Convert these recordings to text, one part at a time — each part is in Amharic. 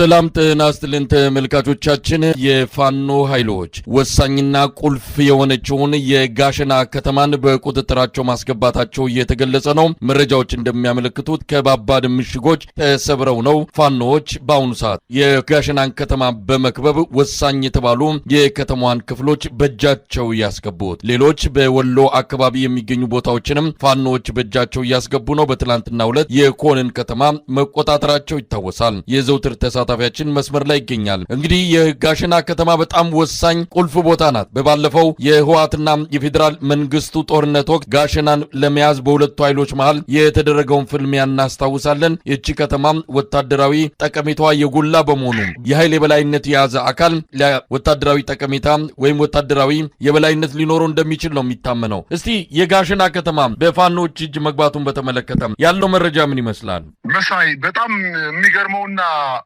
ሰላም ጤና ይስጥልን ተመልካቾቻችን። የፋኖ ኃይሎች ወሳኝና ቁልፍ የሆነችውን የጋሸና ከተማን በቁጥጥራቸው ማስገባታቸው እየተገለጸ ነው። መረጃዎች እንደሚያመለክቱት ከባባድ ምሽጎች ተሰብረው ነው ፋኖዎች በአሁኑ ሰዓት የጋሸናን ከተማ በመክበብ ወሳኝ የተባሉ የከተማዋን ክፍሎች በእጃቸው እያስገቡት፣ ሌሎች በወሎ አካባቢ የሚገኙ ቦታዎችንም ፋኖዎች በእጃቸው እያስገቡ ነው። በትላንትናው ዕለት የኮንን ከተማ መቆጣጠራቸው ይታወሳል። የዘውትር ተሳ ተሳታፊያችን መስመር ላይ ይገኛል። እንግዲህ የጋሸና ከተማ በጣም ወሳኝ ቁልፍ ቦታ ናት። በባለፈው የህወሓትና የፌዴራል መንግስቱ ጦርነት ወቅት ጋሸናን ለመያዝ በሁለቱ ኃይሎች መሃል የተደረገውን ፍልሚያ እናስታውሳለን። ይቺ ከተማ ወታደራዊ ጠቀሜቷ የጎላ በመሆኑ የኃይል የበላይነት የያዘ አካል ወታደራዊ ጠቀሜታ ወይም ወታደራዊ የበላይነት ሊኖረው እንደሚችል ነው የሚታመነው። እስቲ የጋሸና ከተማ በፋኖች እጅ መግባቱን በተመለከተ ያለው መረጃ ምን ይመስላል? መሳይ፣ በጣም የሚገርመውና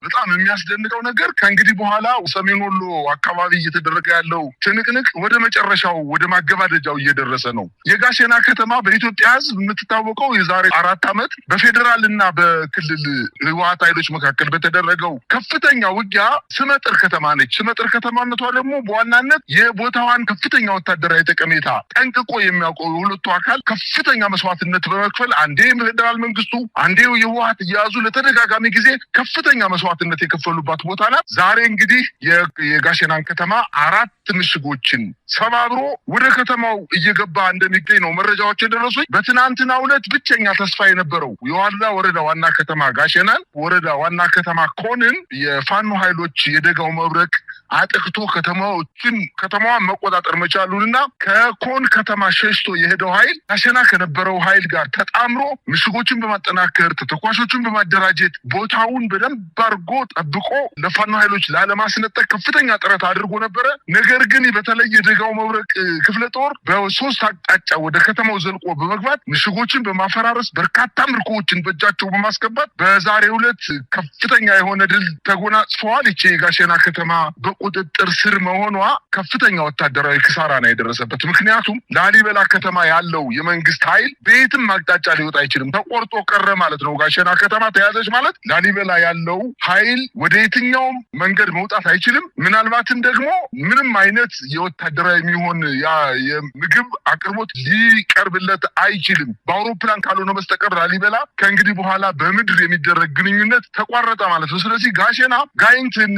በጣም የሚያስደንቀው ነገር ከእንግዲህ በኋላ ሰሜን ወሎ አካባቢ እየተደረገ ያለው ትንቅንቅ ወደ መጨረሻው ወደ ማገባደጃው እየደረሰ ነው። የጋሴና ከተማ በኢትዮጵያ ሕዝብ የምትታወቀው የዛሬ አራት ዓመት በፌዴራል እና በክልል ህወሀት ኃይሎች መካከል በተደረገው ከፍተኛ ውጊያ ስመጥር ከተማ ነች። ስመጥር ከተማነቷ ደግሞ በዋናነት የቦታዋን ከፍተኛ ወታደራዊ ጠቀሜታ ጠንቅቆ የሚያውቀው የሁለቱ አካል ከፍተኛ መስዋዕትነት በመክፈል አንዴ የፌዴራል መንግስቱ አንዴ የህወሀት እያያዙ ለተደጋጋሚ ጊዜ ከፍተኛ መስዋዕትነት መስዋዕትነት የከፈሉባት ቦታ ናት። ዛሬ እንግዲህ የጋሸናን ከተማ አራት ምሽጎችን ሰባብሮ ወደ ከተማው እየገባ እንደሚገኝ ነው መረጃዎች የደረሱኝ። በትናንትና ሁለት ብቸኛ ተስፋ የነበረው የዋላ ወረዳ ዋና ከተማ ጋሸናን ወረዳ ዋና ከተማ ኮንን የፋኖ ኃይሎች የደጋው መብረቅ አጥቅቶ ከተማዎችን ከተማዋን መቆጣጠር እና ከኮን ከተማ ሸሽቶ የሄደው ኃይል ጋሸና ከነበረው ኃይል ጋር ተጣምሮ ምሽጎችን በማጠናከር ተተኳሾችን በማደራጀት ቦታውን በደንብ አድርጎ ጠብቆ ለፋኖ ኃይሎች ላለማስነጠቅ ከፍተኛ ጥረት አድርጎ ነበረ። ነገር ግን በተለይ የደጋው መብረቅ ክፍለ ጦር በሶስት አቅጣጫ ወደ ከተማው ዘልቆ በመግባት ምሽጎችን በማፈራረስ በርካታ ምርኮዎችን በእጃቸው በማስገባት በዛሬው ዕለት ከፍተኛ የሆነ ድል ተጎናጽፈዋል። ይቺ የጋሸና ከተማ በቁጥጥር ስር መሆኗ ከፍተኛ ወታደራዊ ክሳራ ነው የደረሰበት። ምክንያቱም ላሊበላ ከተማ ያለው የመንግስት ኃይል በየትም አቅጣጫ ሊወጣ አይችልም። ተቆርጦ ቀረ ማለት ነው። ጋሸና ከተማ ተያዘች ማለት ላሊበላ ያለው ኃይል ወደ የትኛውም መንገድ መውጣት አይችልም። ምናልባትም ደግሞ ምንም አይነት የወታደራዊ የሚሆን የምግብ አቅርቦት ሊቀርብለት አይችልም። በአውሮፕላን ካልሆነ በስተቀር ላሊበላ ከእንግዲህ በኋላ በምድር የሚደረግ ግንኙነት ተቋረጠ ማለት ነው። ስለዚህ ጋሸና ጋይንትን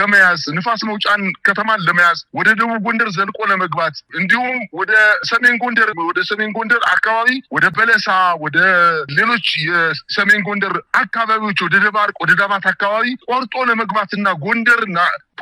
ለመያዝ ንፋስ መውጫን ከተማን ለመያዝ ወደ ደቡብ ጎንደር ዘልቆ ለመግባት እንዲሁም ወደ ሰሜን ጎንደር ወደ ሰሜን ጎንደር አካባቢ ወደ በለሳ ወደ ሌሎች የሰሜን ጎንደር አካባቢዎች ወደ ደባርቅ ወደ ዳባት አካባቢ ቆርጦ ለመግባትና ጎንደርና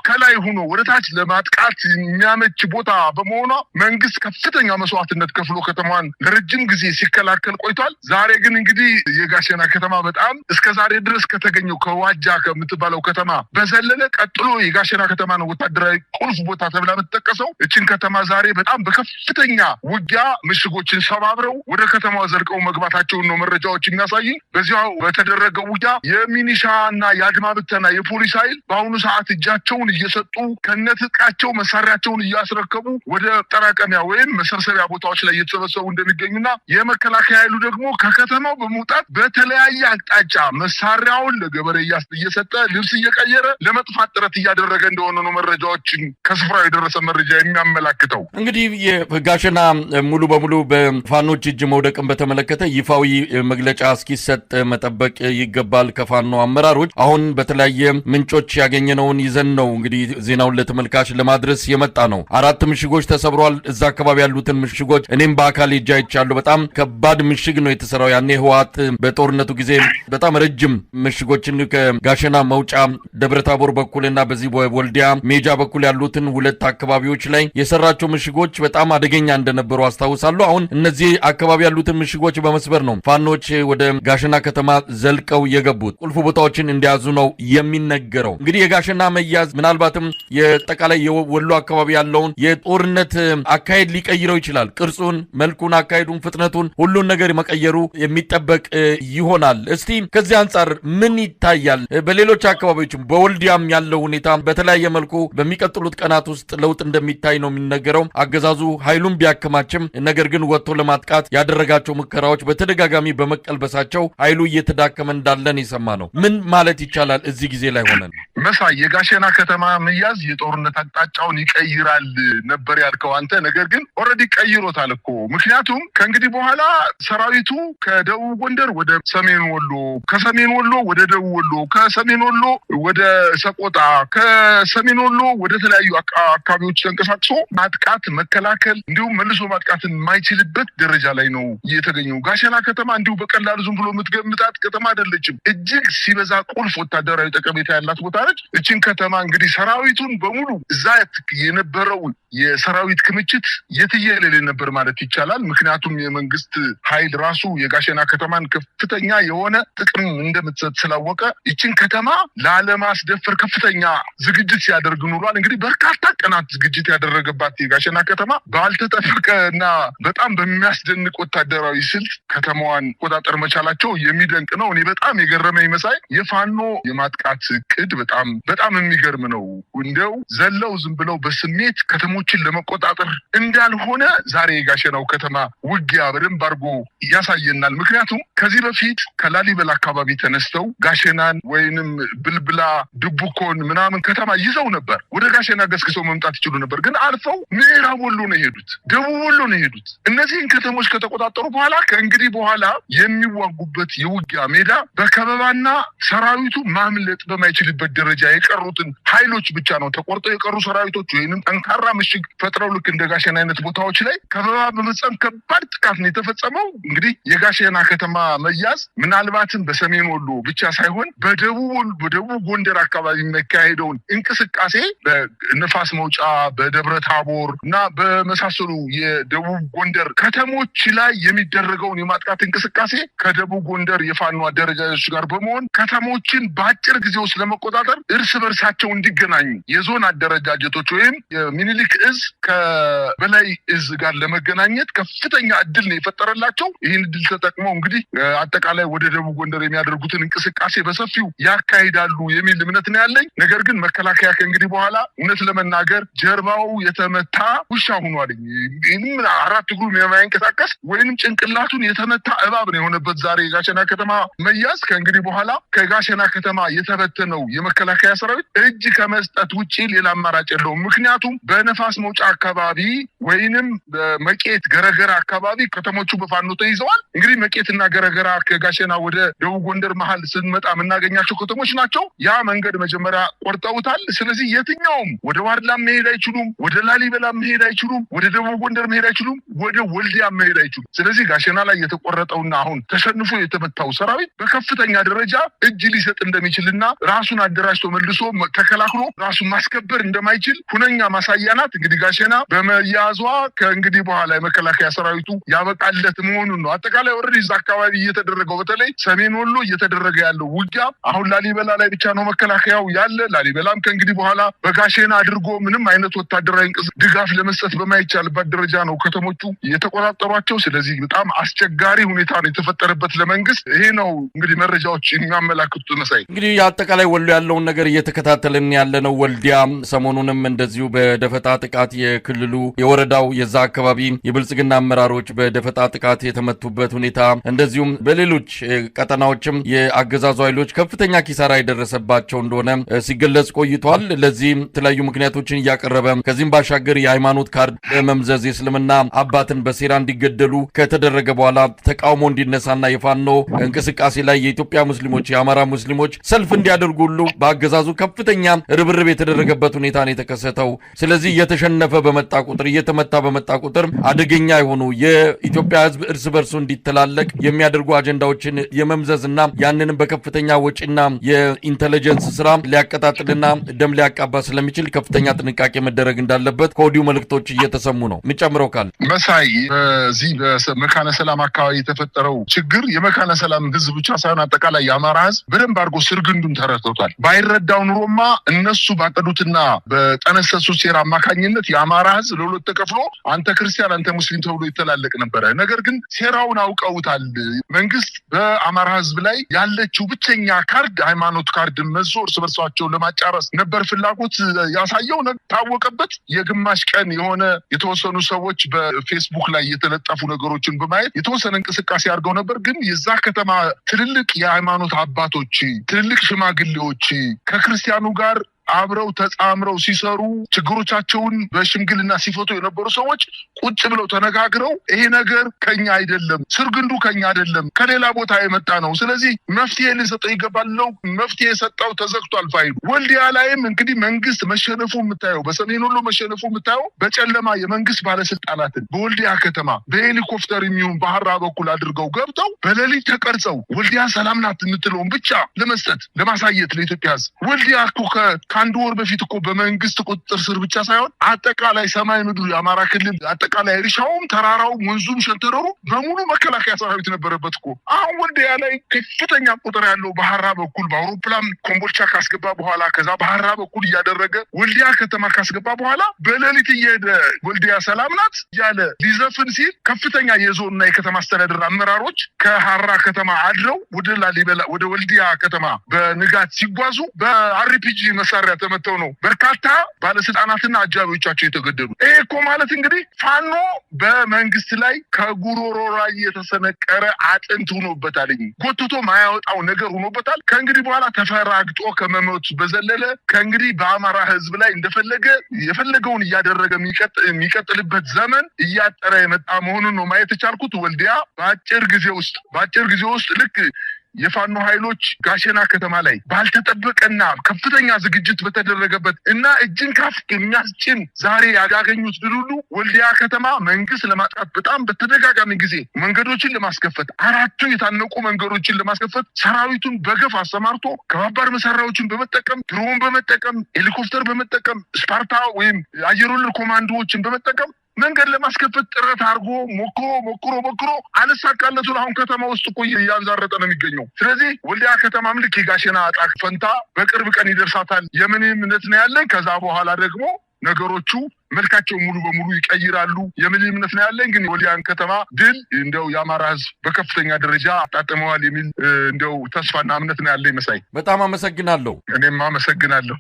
ከላይ ሆኖ ወደ ታች ለማጥቃት የሚያመች ቦታ በመሆኗ መንግስት ከፍተኛ መስዋዕትነት ከፍሎ ከተማዋን ለረጅም ጊዜ ሲከላከል ቆይቷል። ዛሬ ግን እንግዲህ የጋሸና ከተማ በጣም እስከ ዛሬ ድረስ ከተገኘው ከዋጃ ከምትባለው ከተማ በዘለለ ቀጥሎ የጋሸና ከተማ ነው ወታደራዊ ቁልፍ ቦታ ተብላ የምትጠቀሰው። እችን ከተማ ዛሬ በጣም በከፍተኛ ውጊያ ምሽጎችን ሰባብረው ወደ ከተማዋ ዘልቀው መግባታቸውን ነው መረጃዎች የሚያሳይ። በዚያው በተደረገው ውጊያ የሚኒሻ እና የአድማ ብተና የፖሊስ ኃይል በአሁኑ ሰዓት እጃቸው መሳሪያቸውን እየሰጡ ከነትጥቃቸው መሳሪያቸውን እያስረከቡ ወደ ጠራቀሚያ ወይም መሰብሰቢያ ቦታዎች ላይ እየተሰበሰቡ እንደሚገኙና የመከላከያ ኃይሉ ደግሞ ከከተማው በመውጣት በተለያየ አቅጣጫ መሳሪያውን ለገበሬ እየሰጠ ልብስ እየቀየረ ለመጥፋት ጥረት እያደረገ እንደሆነ ነው መረጃዎችን ከስፍራው የደረሰ መረጃ የሚያመላክተው። እንግዲህ የህጋሽና ሙሉ በሙሉ በፋኖች እጅ መውደቅን በተመለከተ ይፋዊ መግለጫ እስኪሰጥ መጠበቅ ይገባል። ከፋኖ አመራሮች አሁን በተለያየ ምንጮች ያገኘነውን ይዘን ነው እንግዲህ ዜናውን ለተመልካች ለማድረስ የመጣ ነው። አራት ምሽጎች ተሰብረዋል። እዛ አካባቢ ያሉትን ምሽጎች እኔም በአካል ሄጄ አይቻለሁ። በጣም ከባድ ምሽግ ነው የተሰራው። ያኔ ህወሓት በጦርነቱ ጊዜ በጣም ረጅም ምሽጎችን ከጋሸና መውጫ ደብረታቦር በኩልና በዚህ ወልዲያ ሜጃ በኩል ያሉትን ሁለት አካባቢዎች ላይ የሰራቸው ምሽጎች በጣም አደገኛ እንደነበሩ አስታውሳለሁ። አሁን እነዚህ አካባቢ ያሉትን ምሽጎች በመስበር ነው ፋኖች ወደ ጋሸና ከተማ ዘልቀው የገቡት። ቁልፍ ቦታዎችን እንደያዙ ነው የሚነገረው። እንግዲህ የጋሸና መያዝ ምናልባትም የጠቃላይ የወሎ አካባቢ ያለውን የጦርነት አካሄድ ሊቀይረው ይችላል። ቅርጹን፣ መልኩን፣ አካሄዱን፣ ፍጥነቱን ሁሉን ነገር መቀየሩ የሚጠበቅ ይሆናል። እስቲ ከዚህ አንጻር ምን ይታያል? በሌሎች አካባቢዎችም በወልዲያም ያለው ሁኔታ በተለያየ መልኩ በሚቀጥሉት ቀናት ውስጥ ለውጥ እንደሚታይ ነው የሚነገረው። አገዛዙ ኃይሉን ቢያከማችም ነገር ግን ወጥቶ ለማጥቃት ያደረጋቸው ሙከራዎች በተደጋጋሚ በመቀልበሳቸው ኃይሉ እየተዳከመ እንዳለን የሰማ ነው። ምን ማለት ይቻላል እዚህ ጊዜ ላይ ሆነን መሳይ የጋሸና ከተማ መያዝ የጦርነት አቅጣጫውን ይቀይራል ነበር ያልከው አንተ። ነገር ግን ኦልሬዲ ቀይሮታል እኮ ምክንያቱም ከእንግዲህ በኋላ ሰራዊቱ ከደቡብ ጎንደር ወደ ሰሜን ወሎ፣ ከሰሜን ወሎ ወደ ደቡብ ወሎ፣ ከሰሜን ወሎ ወደ ሰቆጣ፣ ከሰሜን ወሎ ወደ ተለያዩ አካባቢዎች ተንቀሳቅሶ ማጥቃት፣ መከላከል እንዲሁም መልሶ ማጥቃትን የማይችልበት ደረጃ ላይ ነው የተገኘው። ጋሸና ከተማ እንዲሁ በቀላሉ ዝም ብሎ የምትገምጣት ከተማ አይደለችም። እጅግ ሲበዛ ቁልፍ ወታደራዊ ጠቀሜታ ያላት ቦታ ሰዎች እችን ከተማ እንግዲህ ሰራዊቱን በሙሉ እዛ የነበረው የሰራዊት ክምችት የትየለል ነበር ማለት ይቻላል። ምክንያቱም የመንግስት ኃይል ራሱ የጋሸና ከተማን ከፍተኛ የሆነ ጥቅም እንደምትሰጥ ስላወቀ ይችን ከተማ ላለማስደፈር ከፍተኛ ዝግጅት ሲያደርግ ኑሯል። እንግዲህ በርካታ ቀናት ዝግጅት ያደረገባት የጋሸና ከተማ ባልተጠበቀ እና በጣም በሚያስደንቅ ወታደራዊ ስልት ከተማዋን ቆጣጠር መቻላቸው የሚደንቅ ነው። እኔ በጣም የገረመ ይመሳይ የፋኖ የማጥቃት እቅድ በጣም በጣም በጣም የሚገርም ነው። እንደው ዘለው ዝም ብለው በስሜት ከተሞችን ለመቆጣጠር እንዳልሆነ ዛሬ የጋሸናው ከተማ ውጊያ በደንብ አድርጎ ያሳየናል። ምክንያቱም ከዚህ በፊት ከላሊበላ አካባቢ ተነስተው ጋሸናን ወይንም ብልብላ ድቡኮን ምናምን ከተማ ይዘው ነበር። ወደ ጋሸና ገስግሰው መምጣት ይችሉ ነበር፣ ግን አልፈው ምዕራብ ወሎ ነው የሄዱት፣ ደቡብ ወሎ ነው የሄዱት። እነዚህን ከተሞች ከተቆጣጠሩ በኋላ ከእንግዲህ በኋላ የሚዋጉበት የውጊያ ሜዳ በከበባና ሰራዊቱ ማምለጥ በማይችልበት ደረጃ የቀሩትን ኃይሎች ብቻ ነው ተቆርጠው የቀሩ ሰራዊቶች ወይንም ጠንካራ ምሽግ ፈጥረው ልክ እንደ ጋሸና አይነት ቦታዎች ላይ ከበባ በመጻም ከባድ ጥቃት ነው የተፈጸመው። እንግዲህ የጋሸና ከተማ መያዝ ምናልባትም በሰሜን ወሎ ብቻ ሳይሆን በደቡብ ጎንደር አካባቢ የሚካሄደውን እንቅስቃሴ በንፋስ መውጫ በደብረ ታቦር እና በመሳሰሉ የደቡብ ጎንደር ከተሞች ላይ የሚደረገውን የማጥቃት እንቅስቃሴ ከደቡብ ጎንደር የፋኖ አደረጃጀቶች ጋር በመሆን ከተሞችን በአጭር ጊዜ ውስጥ ለመቆጣጠር እርስ በርሳቸው እንዲገናኙ የዞን አደረጃጀቶች ወይም የሚኒሊክ እዝ ከበላይ እዝ ጋር ለመገናኘት ከፍተኛ እድል ነው የፈጠረላቸው። ይህን እድል ተጠቅመው እንግዲህ አጠቃላይ ወደ ደቡብ ጎንደር የሚያደርጉትን እንቅስቃሴ በሰፊው ያካሂዳሉ የሚል እምነት ነው ያለኝ። ነገር ግን መከላከያ ከእንግዲህ በኋላ እውነት ለመናገር ጀርባው የተመታ ውሻ ሆኗል። አራት እግሩ የማይንቀሳቀስ ወይንም ጭንቅላቱን የተመታ እባብ ነው የሆነበት ዛሬ የጋሸና ከተማ መያዝ። ከእንግዲህ በኋላ ከጋሸና ከተማ የተበተነው የመከላከያ ሰራዊት እጅ ከመስጠት ውጭ ሌላ አማራጭ የለውም። ምክንያቱም በነፋስ መውጫ አካባቢ ወይንም መቄት ገረገራ አካባቢ ከተሞቹ በፋኖ ተይዘዋል። እንግዲህ መቄትና ገረ ሰገራ፣ ከጋሸና ወደ ደቡብ ጎንደር መሀል ስንመጣ የምናገኛቸው ከተሞች ናቸው። ያ መንገድ መጀመሪያ ቆርጠውታል። ስለዚህ የትኛውም ወደ ዋርላ መሄድ አይችሉም፣ ወደ ላሊበላ መሄድ አይችሉም፣ ወደ ደቡብ ጎንደር መሄድ አይችሉም፣ ወደ ወልዲያ መሄድ አይችሉም። ስለዚህ ጋሸና ላይ የተቆረጠውና አሁን ተሸንፎ የተመታው ሰራዊት በከፍተኛ ደረጃ እጅ ሊሰጥ እንደሚችልና ራሱን አደራጅቶ መልሶ ተከላክሎ ራሱን ማስከበር እንደማይችል ሁነኛ ማሳያ ናት። እንግዲህ ጋሸና በመያዟ ከእንግዲህ በኋላ የመከላከያ ሰራዊቱ ያበቃለት መሆኑን ነው። አጠቃላይ ወረድ እዛ አካባቢ እየተደረገው በተለይ ሰሜን ወሎ እየተደረገ ያለው ውጊያ አሁን ላሊበላ ላይ ብቻ ነው መከላከያው ያለ። ላሊበላም ከእንግዲህ በኋላ በጋሼን አድርጎ ምንም አይነት ወታደራዊ ድጋፍ ለመስጠት በማይቻልበት ደረጃ ነው ከተሞቹ የተቆጣጠሯቸው። ስለዚህ በጣም አስቸጋሪ ሁኔታ ነው የተፈጠረበት ለመንግስት። ይሄ ነው እንግዲህ መረጃዎች የሚያመላክቱት። መሳይ እንግዲህ አጠቃላይ ወሎ ያለውን ነገር እየተከታተልን ያለነው ወልዲያ ሰሞኑንም እንደዚሁ በደፈጣ ጥቃት የክልሉ የወረዳው የዛ አካባቢ የብልጽግና አመራሮች በደፈጣ ጥቃት የተመቱበት ሁኔታ እንደዚሁ እንደዚሁም በሌሎች ቀጠናዎችም የአገዛዙ ኃይሎች ከፍተኛ ኪሳራ የደረሰባቸው እንደሆነ ሲገለጽ ቆይቷል። ለዚህ የተለያዩ ምክንያቶችን እያቀረበ ከዚህም ባሻገር የሃይማኖት ካርድ በመምዘዝ የእስልምና አባትን በሴራ እንዲገደሉ ከተደረገ በኋላ ተቃውሞ እንዲነሳና የፋኖ እንቅስቃሴ ላይ የኢትዮጵያ ሙስሊሞች፣ የአማራ ሙስሊሞች ሰልፍ እንዲያደርጉ ሁሉ በአገዛዙ ከፍተኛ ርብርብ የተደረገበት ሁኔታ ነው የተከሰተው። ስለዚህ እየተሸነፈ በመጣ ቁጥር፣ እየተመታ በመጣ ቁጥር አደገኛ የሆኑ የኢትዮጵያ ሕዝብ እርስ በርሱ እንዲተላለቅ የሚያ የሚያደርጉ አጀንዳዎችን የመምዘዝና ያንንም በከፍተኛ ወጪና የኢንተለጀንስ ስራ ሊያቀጣጥልና ደም ሊያቃባ ስለሚችል ከፍተኛ ጥንቃቄ መደረግ እንዳለበት ከወዲሁ መልእክቶች እየተሰሙ ነው። ምጨምረው ካል መሳይ በዚህ በመካነ ሰላም አካባቢ የተፈጠረው ችግር የመካነ ሰላም ህዝብ ብቻ ሳይሆን አጠቃላይ የአማራ ህዝብ በደንብ አድርጎ ስርግንዱን ተረድቶታል። ባይረዳው ኑሮማ እነሱ ባቀዱትና በጠነሰሱ ሴራ አማካኝነት የአማራ ህዝብ ለሁለት ተከፍሎ አንተ ክርስቲያን፣ አንተ ሙስሊም ተብሎ ይተላለቅ ነበረ። ነገር ግን ሴራውን አውቀውታል። መንግስት በአማራ ህዝብ ላይ ያለችው ብቸኛ ካርድ ሃይማኖት ካርድ መዞ እርስ በርሳቸውን ለማጫረስ ነበር ፍላጎት ያሳየው ታወቀበት። የግማሽ ቀን የሆነ የተወሰኑ ሰዎች በፌስቡክ ላይ የተለጠፉ ነገሮችን በማየት የተወሰነ እንቅስቃሴ አድርገው ነበር። ግን የዛ ከተማ ትልልቅ የሃይማኖት አባቶች፣ ትልልቅ ሽማግሌዎች ከክርስቲያኑ ጋር አብረው ተጻምረው ሲሰሩ ችግሮቻቸውን በሽምግልና ሲፈቱ የነበሩ ሰዎች ቁጭ ብለው ተነጋግረው ይሄ ነገር ከኛ አይደለም፣ ስር ግንዱ ከኛ አይደለም፣ ከሌላ ቦታ የመጣ ነው። ስለዚህ መፍትሄ ልንሰጠው ይገባለው። መፍትሄ የሰጠው ተዘግቷል ፋይሉ። ወልዲያ ላይም እንግዲህ መንግስት መሸነፉ የምታየው በሰሜን ወሎ መሸነፉ የምታየው በጨለማ የመንግስት ባለስልጣናትን በወልዲያ ከተማ በሄሊኮፕተር የሚሆን ባህራ በኩል አድርገው ገብተው በሌሊት ተቀርጸው ወልዲያ ሰላም ናት የምትለውን ብቻ ለመስጠት ለማሳየት ለኢትዮጵያ ህዝብ ወልዲያ ከአንድ ወር በፊት እኮ በመንግስት ቁጥጥር ስር ብቻ ሳይሆን አጠቃላይ ሰማይ ምድሩ የአማራ ክልል አጠቃላይ እርሻውም፣ ተራራውም፣ ወንዙም፣ ሸንተረሩ በሙሉ መከላከያ ሰራዊት ነበረበት እኮ። አሁን ወልዲያ ላይ ከፍተኛ ቁጥር ያለው ባህራ በኩል በአውሮፕላን ኮምቦልቻ ካስገባ በኋላ ከዛ ባህራ በኩል እያደረገ ወልዲያ ከተማ ካስገባ በኋላ በሌሊት እየሄደ ወልዲያ ሰላም ናት እያለ ሊዘፍን ሲል ከፍተኛ የዞንና የከተማ አስተዳደር አመራሮች ከሀራ ከተማ አድረው ወደ ላሊበላ ወደ ወልዲያ ከተማ በንጋት ሲጓዙ በአርፒጂ መሳሪያ መሳሪያ ተመተው ነው በርካታ ባለስልጣናትና አጃቢዎቻቸው የተገደሉ። ይሄ እኮ ማለት እንግዲህ ፋኖ በመንግስት ላይ ከጉሮሮ ላይ የተሰነቀረ አጥንት ሆኖበታል፣ ጎትቶ ማያወጣው ነገር ሆኖበታል። ከእንግዲህ በኋላ ተፈራግጦ ከመሞት በዘለለ ከእንግዲህ በአማራ ህዝብ ላይ እንደፈለገ የፈለገውን እያደረገ የሚቀጥልበት ዘመን እያጠረ የመጣ መሆኑን ነው ማየት የቻልኩት። ወልዲያ በአጭር ጊዜ ውስጥ በአጭር ጊዜ ውስጥ ልክ የፋኖ ኃይሎች ጋሸና ከተማ ላይ ባልተጠበቀና ከፍተኛ ዝግጅት በተደረገበት እና እጅን ካፍ የሚያስጭን ዛሬ ያገኙት ድል ሁሉ ወልዲያ ከተማ መንግስት ለማጥቃት በጣም በተደጋጋሚ ጊዜ መንገዶችን ለማስከፈት አራቱ የታነቁ መንገዶችን ለማስከፈት ሰራዊቱን በገፍ አሰማርቶ ከባባድ መሳሪያዎችን በመጠቀም ድሮን በመጠቀም ሄሊኮፕተር በመጠቀም ስፓርታ ወይም አየር ወለድ ኮማንዶዎችን በመጠቀም መንገድ ለማስከፈት ጥረት አድርጎ ሞክሮ ሞክሮ ሞክሮ አልሳካለቱን አሁን ከተማ ውስጥ እኮ እያንዛረጠ ነው የሚገኘው። ስለዚህ ወልዲያ ከተማ ምልክ የጋሸና ዕጣ ፈንታ በቅርብ ቀን ይደርሳታል የምን እምነት ነው ያለን። ከዛ በኋላ ደግሞ ነገሮቹ መልካቸው ሙሉ በሙሉ ይቀይራሉ የሚል እምነት ነው ያለኝ። ግን ወልዲያን ከተማ ድል እንደው የአማራ ሕዝብ በከፍተኛ ደረጃ አጣጥመዋል የሚል እንደው ተስፋና እምነት ነው ያለኝ። መሳይ፣ በጣም አመሰግናለሁ። እኔም አመሰግናለሁ።